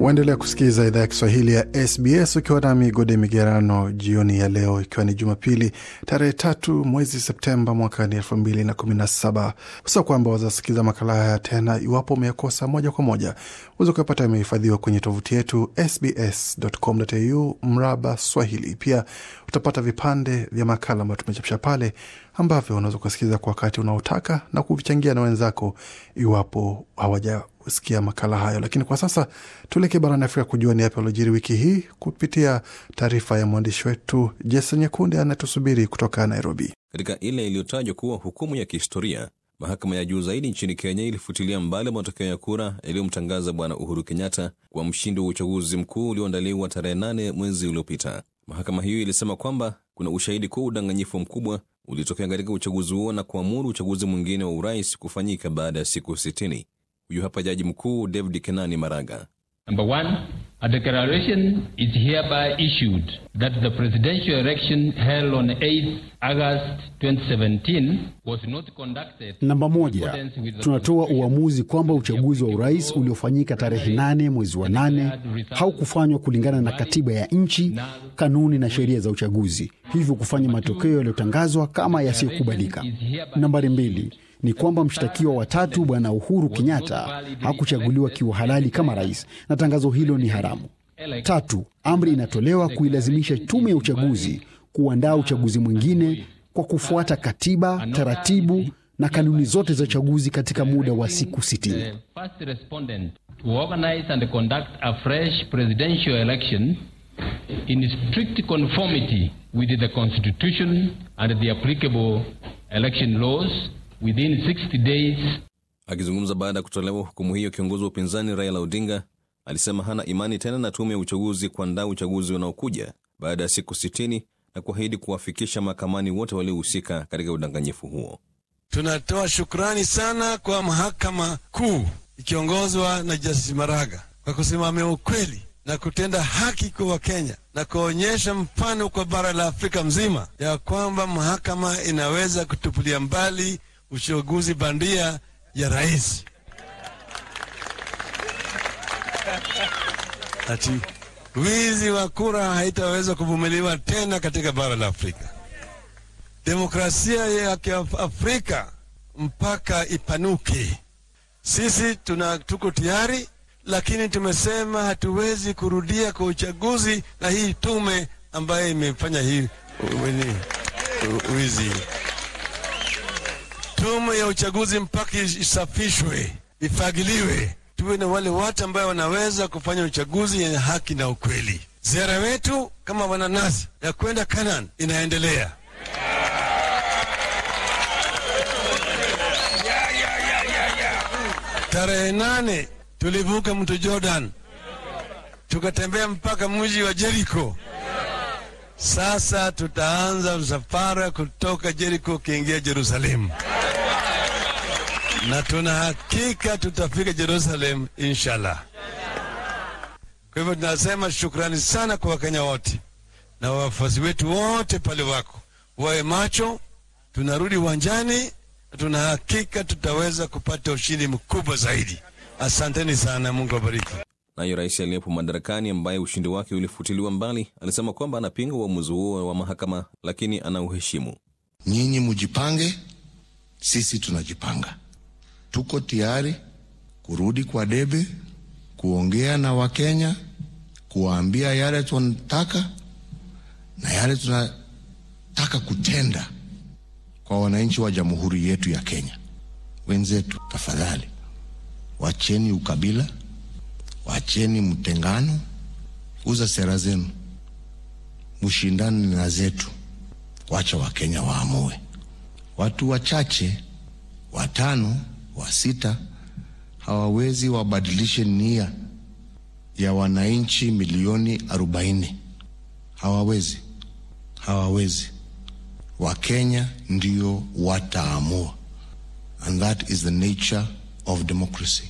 Waendelea kusikiliza idhaa ya Kiswahili ya SBS ukiwa nami Gode Migerano jioni ya leo, ikiwa ni Jumapili tarehe tatu mwezi Septemba mwaka ni elfu mbili na kumi na saba. Usa kwamba wazasikiliza makala haya tena iwapo umeyakosa moja kwa moja, uweza kuyapata yamehifadhiwa kwenye tovuti yetu sbs.com.au mraba Swahili. Pia utapata vipande vya makala ambayo tumechapisha pale ambavyo unaweza ukasikiliza kwa wakati unaotaka na kuvichangia na wenzako iwapo hawajasikia makala hayo. Lakini kwa sasa tuelekee barani Afrika kujua ni yapi aliojiri wiki hii kupitia taarifa ya mwandishi wetu Jason Nyakunde anayetusubiri kutoka Nairobi. Katika ile iliyotajwa kuwa hukumu ya kihistoria, mahakama ya juu zaidi nchini Kenya ilifutilia mbali matokeo ya kura yaliyomtangaza Bwana Uhuru Kenyatta kwa mshindi wa uchaguzi mkuu ulioandaliwa tarehe nane mwezi uliopita. Mahakama hiyo ilisema kwamba kuna ushahidi kuwa udanganyifu mkubwa ulitokea katika uchaguzi huo na kuamuru uchaguzi mwingine wa urais kufanyika baada ya siku 60. Huyu hapa jaji mkuu David Kenani Maraga. Number one, a declaration is hereby issued that the presidential election held on 8 th August 2017 was not conducted. Namba moja, tunatoa uamuzi kwamba uchaguzi wa urais uliofanyika tarehe nane mwezi wa 8 haukufanywa kulingana na katiba ya nchi, kanuni na sheria za uchaguzi, hivyo kufanya matokeo yaliyotangazwa kama yasiyokubalika. Nambari mbili ni kwamba mshtakiwa wa tatu Bwana Uhuru Kenyatta hakuchaguliwa kiuhalali kama rais na tangazo hilo ni haramu. Tatu, amri inatolewa kuilazimisha tume ya uchaguzi kuandaa uchaguzi mwingine kwa kufuata katiba, taratibu na kanuni zote za uchaguzi katika muda wa siku sitini within 60 days. Akizungumza baada ya kutolewa hukumu hiyo, kiongozi wa upinzani Raila Odinga alisema hana imani tena na tume ya uchaguzi kuandaa uchaguzi unaokuja baada ya siku sitini na kuahidi kuwafikisha mahakamani wote waliohusika katika udanganyifu huo. Tunatoa shukrani sana kwa mahakama kuu ikiongozwa na Justice Maraga kwa kusimamia ukweli na kutenda haki kwa Wakenya na kuonyesha mfano kwa bara la Afrika mzima ya kwamba mahakama inaweza kutupilia mbali uchaguzi bandia ya rais ati wizi wa kura haitaweza kuvumiliwa tena katika bara la Afrika. Demokrasia ya Kiafrika mpaka ipanuke. Sisi tuna tuko tayari, lakini tumesema hatuwezi kurudia kwa uchaguzi na hii tume ambayo imefanya hii uh, uh, wizi tume ya uchaguzi mpaka isafishwe, ifagiliwe, tuwe na wale watu ambao wanaweza kufanya uchaguzi yenye haki na ukweli. Ziara wetu kama wananasi ya kwenda Kanaan inaendelea. Tarehe nane tulivuka mto Jordan tukatembea mpaka mji wa Jeriko. Sasa tutaanza msafara kutoka Jeriko ukiingia Jerusalemu na tuna hakika tutafika Jerusalem inshallah. Kwa hivyo tunasema shukrani sana kwa Wakenya wote na wafuasi wetu wote pale wako, wawe macho. Tunarudi uwanjani na tuna hakika tutaweza kupata ushindi mkubwa zaidi. Asanteni sana, Mungu awabariki. Naye rais aliyepo madarakani ambaye ushindi wake ulifutiliwa mbali alisema kwamba anapinga uamuzi huo wa mahakama, lakini anauheshimu. Nyinyi mujipange, sisi tunajipanga tuko tayari kurudi kwa debe, kuongea na Wakenya, kuwaambia yale tunataka na yale tunataka kutenda kwa wananchi wa jamhuri yetu ya Kenya. Wenzetu, tafadhali wacheni ukabila, wacheni mtengano, uza sera zenu, mshindani na zetu, wacha Wakenya waamue. Watu wachache watano wa sita hawawezi wabadilishe nia ya wananchi milioni arobaini. Hawawezi, hawawezi. Wakenya ndio wataamua, and that is the nature of democracy.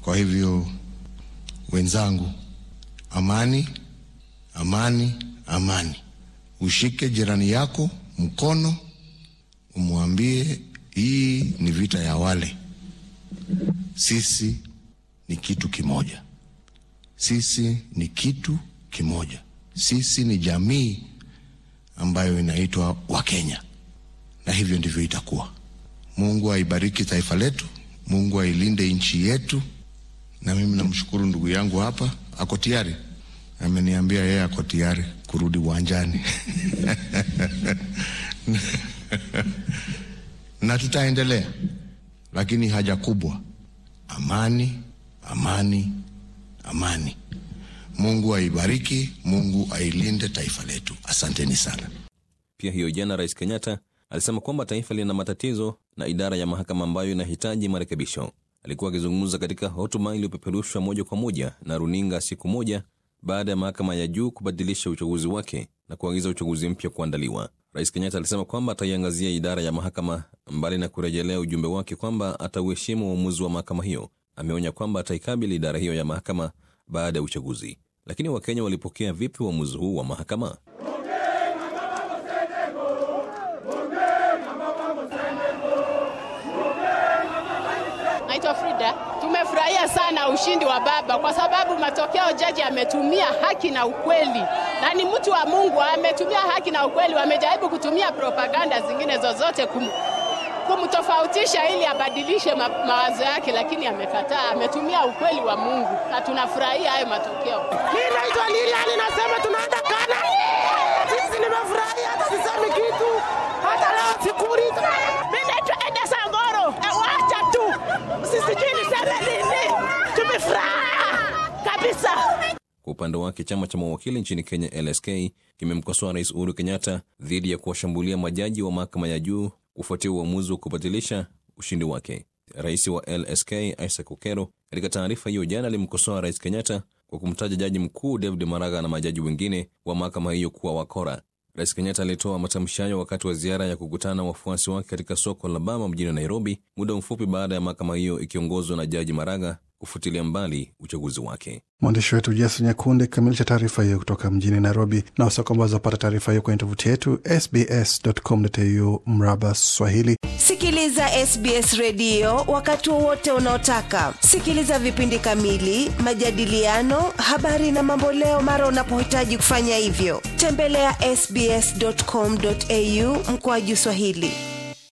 Kwa hivyo wenzangu, amani, amani, amani. Ushike jirani yako mkono, umwambie hii ni vita ya wale. Sisi ni kitu kimoja, sisi ni kitu kimoja, sisi ni jamii ambayo inaitwa Wakenya, na hivyo ndivyo itakuwa. Mungu aibariki taifa letu, Mungu ailinde nchi yetu. Na mimi namshukuru ndugu yangu hapa, ako tayari, ameniambia yeye ako tayari kurudi uwanjani na tutaendelea, lakini haja kubwa amani, amani, amani. Mungu aibariki, Mungu ailinde taifa letu. Asanteni sana. Pia hiyo jana, Rais Kenyatta alisema kwamba taifa lina matatizo na idara ya mahakama ambayo inahitaji marekebisho. Alikuwa akizungumza katika hotuba iliyopeperushwa moja kwa moja na runinga siku moja baada ya mahakama ya juu kubadilisha uchaguzi wake na kuagiza uchaguzi mpya kuandaliwa. Rais Kenyatta alisema kwamba ataiangazia idara ya mahakama Mbali na kurejelea ujumbe wake kwamba atauheshimu uamuzi wa mahakama hiyo, ameonya kwamba ataikabili idara hiyo ya mahakama baada ya uchaguzi. Lakini Wakenya walipokea vipi uamuzi huu wa mahakama? Frida. Tumefurahia sana ushindi wa baba, kwa sababu matokeo, jaji ametumia haki na ukweli, na ni mtu wa Mungu, ametumia haki na ukweli. Wamejaribu kutumia propaganda zingine zozote kum kumtofautisha ili abadilishe ma mawazo yake, lakini amekataa, ametumia ukweli wa Mungu na tunafurahia hayo matokeo. Mimi naitwa Lila, ninasema sisi, hata sisemi kitu hata leo sikuri. Mimi naitwa Eda Sangoro, wacha tu nini, kabisa. Kwa upande wake chama cha mawakili nchini Kenya, LSK, kimemkosoa Rais Uhuru Kenyatta dhidi ya kuwashambulia majaji wa mahakama ya juu kufuatia uamuzi wa kubatilisha ushindi wake. Rais wa LSK Isaac Okero katika taarifa hiyo jana alimkosoa Rais Kenyatta kwa kumtaja jaji mkuu David Maraga na majaji wengine wa mahakama hiyo kuwa wakora. Rais Kenyatta alitoa matamshi hayo wakati wa ziara ya kukutana wafuasi wake katika soko la Bama mjini Nairobi, muda mfupi baada ya mahakama hiyo ikiongozwa na Jaji Maraga kufutilia mbali uchaguzi wake. Mwandishi wetu Jason Nyakundi akikamilisha taarifa hiyo kutoka mjini Nairobi, na wasako ambao zapata taarifa hiyo kwenye tovuti yetu sbs.com.au mraba Swahili. Sikiliza SBS redio wakati wowote unaotaka. Sikiliza vipindi kamili, majadiliano, habari na mamboleo mara unapohitaji kufanya hivyo. Tembelea ya sbs.com.au mkoaju Swahili.